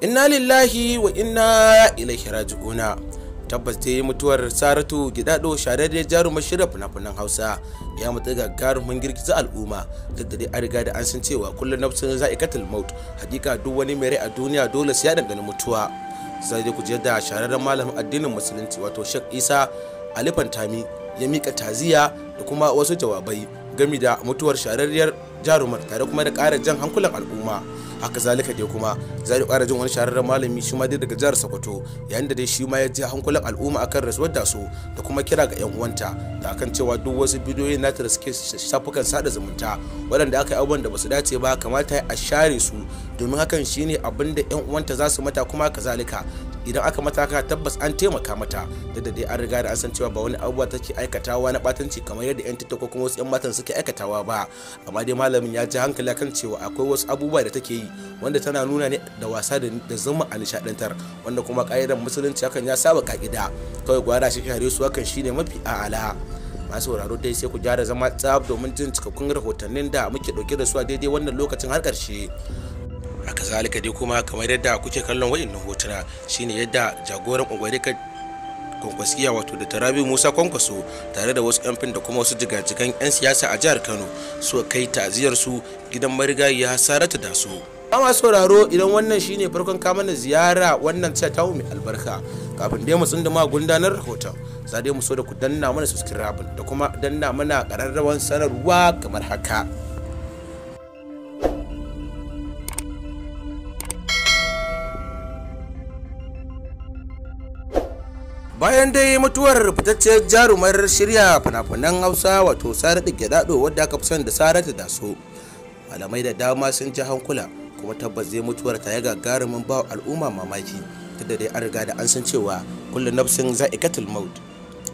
inna lillahi wa inna ilaihi raji'una tabbas dai mutuwar saratu gidado shahararriyar jarumar shirya fina hausa ya matsa mutu gagarumin girgiza al'umma duk da dai an riga da an san cewa kullum na zai za'ikatul maut hakika duk wani mai rai a duniya dole sai ya dangane mutuwa sai dai ku da shararren malamin addinin musulunci wato shek isa alifan tami ya mika taziya da kuma wasu jawabai gami da mutuwar shararriyar jarumar tare kuma da ƙara jan hankulan al'umma haka zalika dai kuma za mu ƙara jin wani shahararren malami shi ma dai daga jihar sokoto yayin da dai shi ma ya ji hankulan al'umma akan rasuwar da su da kuma kira ga yan uwanta da akan cewa duk wasu bidiyoyin nata da suke shafukan sada zumunta waɗanda aka yi abubuwan da ba su dace ba kamata a share su domin hakan shine abin da yan uwanta za su mata kuma kazalika idan aka mata tabbas an taimaka mata duk da dai an riga da an san cewa ba wani abubuwa take aikatawa na batanci kamar yadda yan tiktok kuma wasu yan matan suke aikatawa ba amma dai malamin ya ji hankali kan cewa akwai wasu abubuwa da take yi wanda tana nuna ne da wasa da zama a nishadantar wanda kuma ka'idar musulunci hakan ya saba ka'ida kawai gwara shi kare su hakan ne mafi a'ala masu sauraro dai sai ku gyara zama tsab domin jin cikakkun rahotannin da muke dauke da su a daidai wannan lokacin har karshe a kazalika dai kuma kamar yadda kuke kallon wa'annan hotuna shine yadda jagoran kwangwarikar kwankwasiya wato da tarabi musa kwankwaso tare da wasu yanfin da kuma wasu jigajigan 'yan siyasa a jihar kano su kai ta'aziyar su gidan marigayi ya sarata da su amma sauraro idan wannan shine farkon kamanin ziyara wannan ta tawo mai albarka kafin dai mu tsunduma gundanar rahoton za dai mu so da ku danna mana subscribe da kuma danna mana kararrawan sanarwa kamar haka bayan dai mutuwar fitacciyar jarumar shirya fina-finan hausa wato saratu gyaɗaɗo wadda aka fi son da saratu da so malamai da dama sun ji hankula kuma tabbas zai mutuwar ta ya gagarumin ba al'umma mamaki tunda dai an riga da an san cewa kullum nafsin za'ikatul maut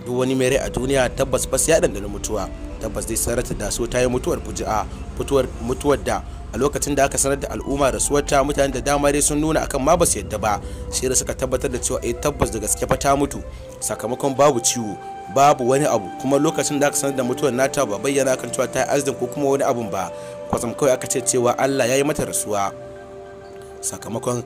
duk wani mere a duniya tabbas fas ya dandana mutuwa tabbas dai saratu da so ta yi mutuwar fuji'a mutuwar da a lokacin da aka sanar da al'umma ta mutane da dama dai sun nuna akan ma ba su yadda ba sai da suka tabbatar da cewa eh tabbas da gaske fa ta mutu sakamakon babu ciwo babu wani abu kuma lokacin da aka sanar da mutuwar nata ba bayyana kan cewa ta yi arzin ko kuma wani abun ba kwatsam kawai aka ce cewa Allah ya yi mata rasuwa sakamakon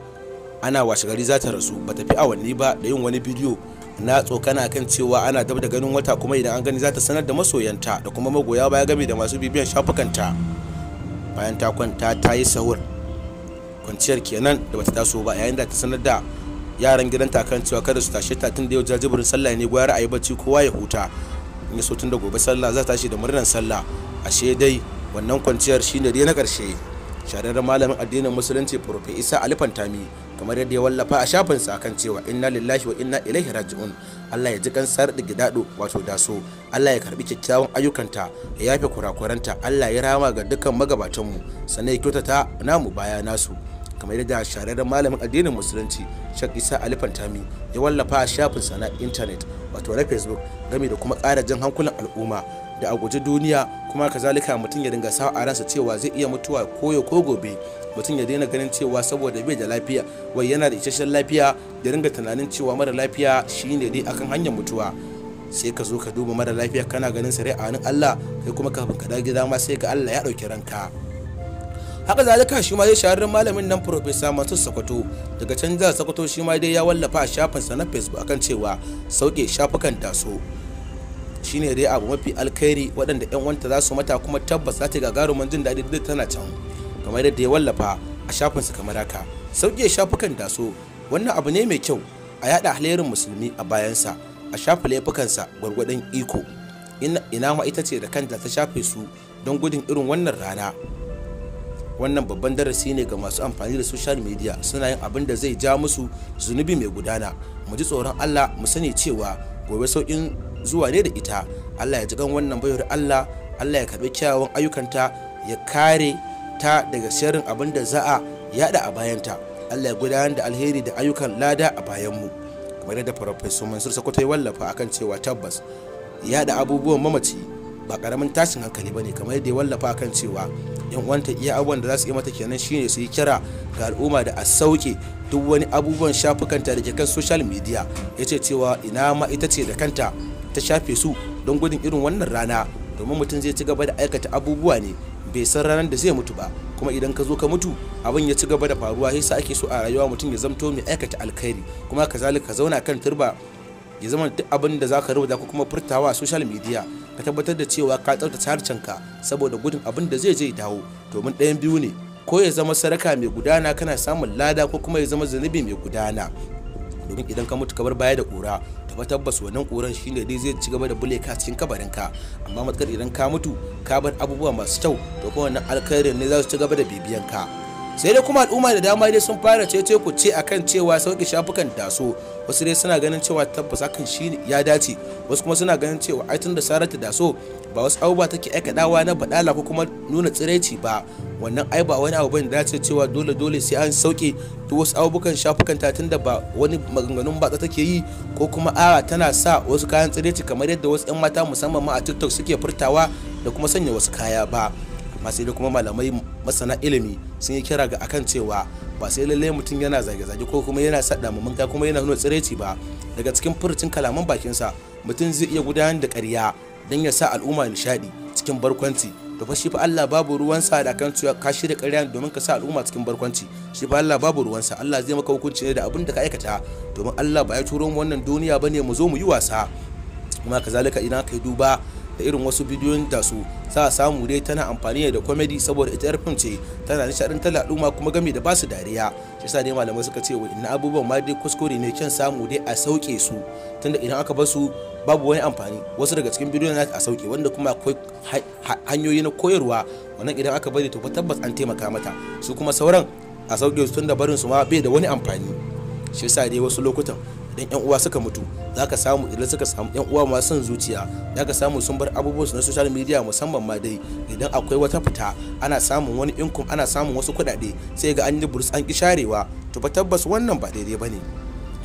ana washe gari za ta rasu ba fi awanni ba da yin wani bidiyo na tsokana kan cewa ana dab da ganin wata kuma idan an gani za ta sanar da masoyanta da kuma magoya baya game da masu bibiyan shafukan ta. bayan ta kwanta ta yi sahur kwanciyar kenan da bata taso ba yayin da ta sanar da yaran gidanta kan cewa kada su tashe ta tun da yau jajibirin sallah ne gwayar ayi bacci kowa ya huta in so tun da gobe sallah za ta tashi da murnar sallah ashe dai wannan kwanciyar shine dai na karshe shahararren malamin addinin musulunci profe isa alifantami kamar yadda ya wallafa a shafinsa kan cewa inna lillahi wa inna ilaihi raji'un Allah ya ji kansar da gidaɗo wato daso Allah ya karbi kyakkyawan ayyukanta ya yafe kurakuranta Allah ya rama ga dukkan magabatanmu sannan ya kyautata namu baya nasu kamar yadda shahararren malamin addinin musulunci shak isa alifan ya wallafa a shafin na intanet wato na facebook gami da kuma ƙara jan hankulan al'umma da a guji duniya kuma kazalika mutum ya dinga sa a ransa cewa zai iya mutuwa koyo ko gobe mutum ya daina ganin cewa saboda bai da lafiya wai yana da isasshen lafiya da ringa tunanin cewa mara lafiya shine dai akan hanyar mutuwa sai ka zo ka duba mara lafiya kana ganin sa a hannun Allah kai kuma kafin ka dawo gida ma sai ga Allah ya ɗauki ranka haka zalika shi ma zai shahararren malamin nan profesa masu sokoto daga can jihar sokoto shi ma dai ya wallafa a shafin sa na facebook akan cewa sauke shafukan taso shine dai abu mafi alkhairi waɗanda 'yan wanta za su mata kuma tabbas za ta gagarumin jin daɗi duk tana can kamar yadda ya wallafa a sa kamar haka sauke shafukan taso wannan abu ne mai kyau a yada halayyar musulmi a bayan sa a shafa laifukansa gwargwadon iko ina ma ita ce da kanta ta shafe su don gudun irin wannan rana wannan babban darasi ne ga masu amfani da social media suna yin abin da zai ja musu zunubi mai gudana mu ji tsoron allah mu sani cewa gobe sauƙin zuwa ne da ita allah ya ji wannan bayar allah allah ya karɓi kyawawan ayyukanta ya kare ta daga sharrin abin da za a yada a bayanta allah ya gudanar da alheri da ayyukan lada a bayan mu kamar yadda Professor mansur sakwato ya wallafa akan cewa tabbas yada abubuwan mamaci ba karamin tashin hankali bane kamar yadda ya wallafa kan cewa yan uwanta iya abubuwan da za su yi mata kenan shine su yi kira ga al'umma da a sauke duk wani abubuwan shafukanta da ke kan social media ya ce cewa ina ma ita ce da kanta ta shafe su don gudun irin wannan rana domin mutum zai ci gaba da aikata abubuwa ne bai san ranar da zai mutu ba kuma idan ka zo ka mutu abin ya ci gaba da faruwa sa ake so a rayuwa mutum ya zamto mai aikata alkhairi kuma kazalika zauna kan turba ya zama duk abin da za ka rubuta ko kuma furtawa social media ka tabbatar da cewa ka tsaftace harcenka saboda gudun abin da zai je dawo domin ɗayan biyu ne ko ya zama saraka mai gudana kana samun lada ko kuma ya zama zunubi mai gudana domin idan ka mutu kabar baya da kura to fa tabbas wannan kuran shine dai zai ci gaba da bule ka cikin kabarin ka amma matsar idan ka mutu ka bar abubuwa masu kyau to kuma wannan alkhairin ne za su ci gaba da bibiyan ka sai dai kuma al'umma da dama dai sun fara cece ku ce akan cewa sauki shafukan taso wasu dai suna ganin cewa tabbas hakan shi ya dace wasu kuma suna ganin cewa ai tun da saratu da so ba wasu abubuwa take dawa na badala ko kuma nuna tsiraici ba wannan ai ba wani abu bane da dace cewa dole dole sai an sauke duk wasu abubukan shafukan ta tunda ba wani maganganun batsa take yi ko kuma a tana sa wasu kayan tsiraici kamar yadda wasu 'yan mata musamman ma a tiktok suke furtawa da kuma sanya wasu kaya ba masu da kuma malamai masana ilimi sun yi kira ga akan cewa ba sai lalle mutum yana zage-zage ko kuma yana sadda ga kuma yana nuna tsireci ba daga cikin furucin kalaman bakinsa mutum zai iya gudanar da ƙarya don ya sa al'umma nishadi cikin barkwanci to fa shi fa Allah babu ruwansa da kan cewa ka shirya ƙarya domin ka sa al'umma cikin barkwanci shi fa Allah babu ruwansa Allah zai maka hukunci ne da abin da ka aikata domin Allah ba ya turo mu wannan duniya bane mu zo mu yi wasa kuma kazalika idan ka duba da irin wasu bidiyoyin da su za a samu dai tana amfani da comedy saboda ita yar ce tana nishadantar al'umma kuma game da basu dariya shi yasa dai malamai suka ce wani abubuwan ma dai kuskure ne kyan samu dai a sauke su tunda idan aka basu babu wani amfani wasu daga cikin bidiyon na a sauke wanda kuma akwai hanyoyi na koyarwa wannan idan aka bari to tabbas an taimaka mata su kuma sauran a sauke su tunda barin su ma bai da wani amfani shi yasa dai wasu lokutan idan yan uwa suka mutu za ka samu idan suka samu yan uwa ma son zuciya za ka samu sun bar abubuwan su na social media musamman ma dai idan akwai wata fita ana samun wani inkum ana samun wasu kuɗaɗe sai ga an yi burus an ki sharewa to ba tabbas wannan ba daidai ba ne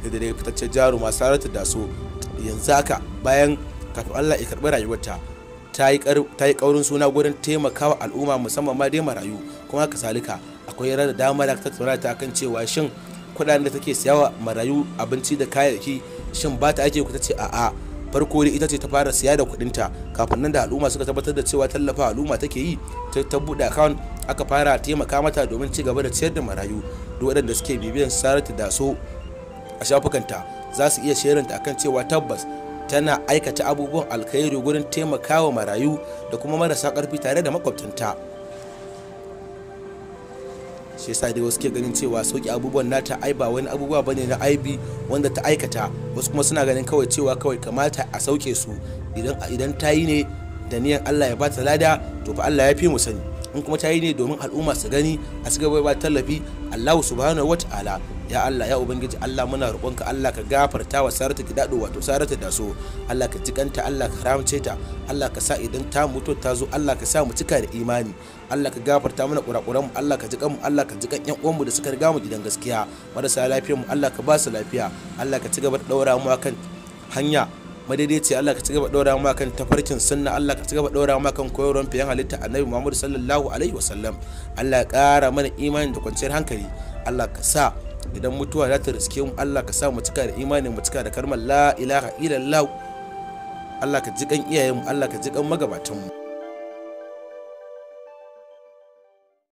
da dai fitaccen jaruma saratu da so yanzu haka bayan kafin allah ya karɓi rayuwarta ta yi ƙaurin suna gurin taimakawa al'umma musamman ma dai marayu kuma haka salika akwai yana da dama da ta tsara ta kan cewa shin kuɗaɗen da take siyawa marayu abinci da kayayyaki shin ba ta ake kuta ce a'a farko dai ita ce ta fara siya da kuɗinta kafin nan da al'umma suka tabbatar da cewa tallafa al'umma take yi ta ta buɗe account aka fara taimaka mata domin ci gaba da ciyar da marayu duk waɗanda suke bibiyan saratu da so a shafukanta za su iya ta akan cewa tabbas tana aikata abubuwan alkhairi gurin taimakawa marayu da kuma marasa ƙarfi tare da makwabtanta shi yasa dai wasu ke ganin cewa sauki abubuwan nata ai ba wani abubuwa bane na aibi wanda ta aikata wasu kuma suna ganin kawai cewa kawai kamata a sauke su idan ta yi ne da niyan Allah ya bata lada to fa Allah ya fi mu sani in kuma ta yi ne domin al'umma su gani a su gaba tallafi allahu subhanahu wata'ala ya allah ya ubangiji allah muna roƙonka allah ka gafarta wa sarata ki daɗo wato sarata da so allah ka jikanta allah ka haramce ta allah ka sa idan ta mutu ta zo allah ka sa mu cika da imani allah ka gafarta mana kurakuran mu allah ka jikan mu allah ka jikan yan uwanmu da suka riga mu gidan gaskiya marasa lafiyar mu allah ka ba su lafiya allah ka ci gaba da ɗaura mu akan hanya madaidaici Allah ka cigaba daura mu kan tafarkin sunna Allah ka cigaba daura mu kan koyarwar fiyan halitta Annabi Muhammad sallallahu alaihi wasallam Allah ya kara mana imani da kwanciyar hankali Allah ka sa idan mutuwa za ta riske mu Allah ka sa mu cika da imani mu cika da kalmar la ilaha illallah Allah ka ji kan iyayen mu Allah ka ji kan magabatan mu